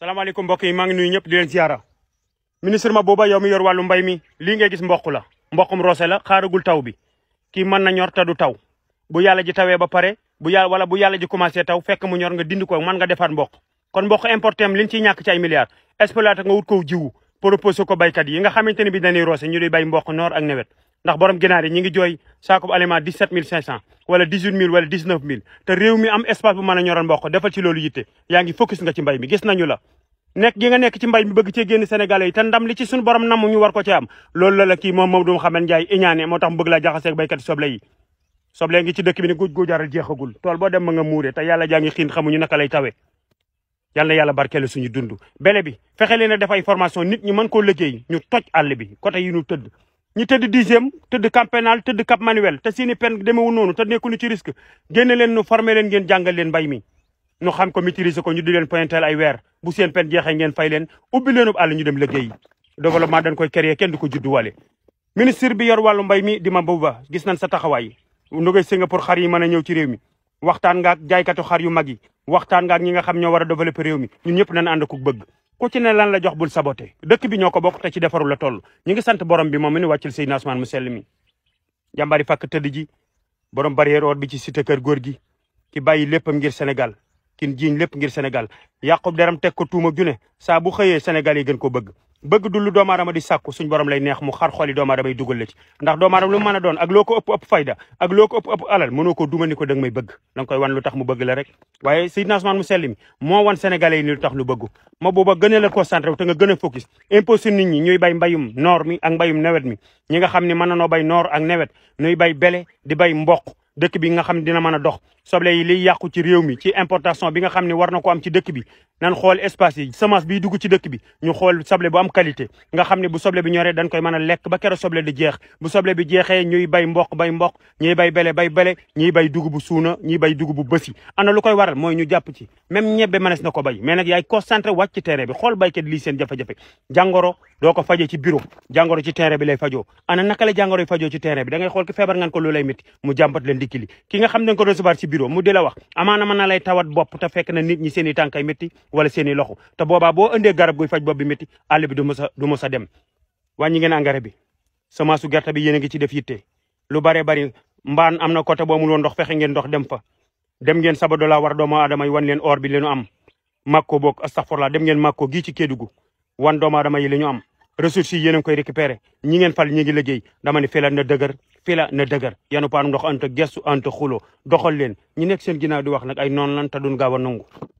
salaamaaleykum mbokk yi maa ngi nuyu ñëpp di leen ziara ministre Mabouba yow mi yor wàllu mbay mi lii ngay gis mboq la mboqum roose la xaaragul taw bi kii mën na ñor ta du taw bu yàlla ji tawee ba pare bu yàlla wala bu yàlla ji commencé taw fekk mu ñor nga dind ko mën ga defaat mboq kon mboq importé am liñ ciy ñàkk ci ay milliards exploité nga wut ko jiwu proposé ko baykat yi nga xamante ni bi dañuy rose ñu di bay mboq noor ak nawet ndax borom ginaar yi ñi ngi jooy saakub aliment 17500 wala 18000 wala 19000 te réew mi am espace bu mën a ñoral mboq defal ci loolu yitte yaa ngi focus nga ci mbay mi gis nañu la nekk gi nga nekk ci mbay mi bëgg cee génn sénégalais yi te ndam li ci suñu borom namm ñu war ko ci am loolu la la kii moom Mamadou Mouhamed i iñaane moo tax mu bëgg laa jaxaseeg béykat soble yi soble ngi ci dëkk bi ne guuj guujaral tool boo dem te yàlla jaa ngi xiin xamuñu naka lay tawe yàlla yàlla barkeelu suñu dund bele bi fexe leen a def ay formation nit ñi mën koo liggéey ñu toj bi côté yi ñu ñi tëdd dixième tëdd camp pénal tëdd cap manuel te seeni pen demewu noonu te nekkuñu ci risque génne leen nu former leen ngeen leen mbay mi ñu xam ko maîtriser ko ñu di leen pointel ay weer bu seen pen jeexe ngeen fay leen ubbi leen ub àll ñu dem liggéey développement dañ koy créer kenn du ko judduwale ministre bi yor wàllu mbay mi di ma ba gis nañ sa taxawaay ndogay Singapour xar yi mën a ñëw ci réew mi waxtaan nga ak jaaykatu xar yu mag yi waxtaan nga ñi nga xam ñoo war a développer réew mi ñun ñëpp nañ ànd ko bëgg ku ci lan la jox bul saboté dëkk bi ñoo ko bokk te ci defaru la toll ñu ngi sant borom bi moom mi nu wàccil Seydina Ousmane mu sell mi ji borom barrière or bi ci cité kër góor gi ki bàyyi léppam ngir Sénégal kin jiiñ lépp ngir Sénégal yàqub deram teg ko tuuma june saa bu xëyee Sénégal yi gën ko bëgg bëgg du lu doomu aadama di sàkku suñ borom lay neex mu xar xooli doomu aadama yi dugal la ci ndax doomu aadama lu mën a doon ak loo ko ëpp ëpp fayda ak loo ko ëpp ëpp alal mënoo ko duma ni ko danga may bëgg da nga koy wan lu tax mu bëgg la rek waaye Seydina Ousmane mu sell mi moo wan sénégalais ni lu tax nu bëggu ma booba gën a la concentré wu te nga gën a focus imposé nit ñi ñuy bay mbayum noor mi ak mbayum nawet mi ñi nga xam ne mën nanoo bay noor ak nawet ñuy bay bele di bay mboq dëkk bi nga xam ne dina mën a dox soble yi liy yàqu ci réew mi ci importation bi nga xam ne war na ko am ci dëkk bi nan xool espace yi semence biy dugg ci dëkk bi ñu xool soble bu am qualité nga xam ne bu soble bi ñoree dañ koy mën a lekk ba kero soble di jeex bu soble bi jeexee ñuy bay mboq bay mboq ñu bay bele bay bele ñuy bay dugubu suuna ñuy bay dugubu bësi ana lu koy waral mooy ñu jàpp ci même ñebbe mënees na ko bay mais nag yaay concentré wàcc ci terrain bi xool baykat lii seen jafe-jafe jàngoro ko faje ci bureau jàngoro ci terrain bi lay fajoo ana naka la jàngoro yi fajoo ci terrain bi da ngay xool ki feebar ngan ko ndiki li ki nga xam ne ko recevoir ci bureau mu di wax amaana mën na lay tawat bopp te fekk na nit ñi seen i tànkay métti wala seen i loxo te bo boo indee garab guy faj bopp bi métti àll du mos a du a dem wàññi ngeen engrais bi su gerte bi yéen a ci def yitte lu bare bari mbaan am na côté boo mu ndox fexe ngeen ndox dem fa dem ngeen sabado la war doomu aadama yi wan leen or bi leenu am màkko boog astafurla dem ngeen màkko gii ci Kédougou wan doomu aadama yi a fila na dëgër yanu paanum ndox anta gestu anta xulo doxal leen ñi nekk seen ginnaaw di wax nag ay noonu lan te duñ gaaw a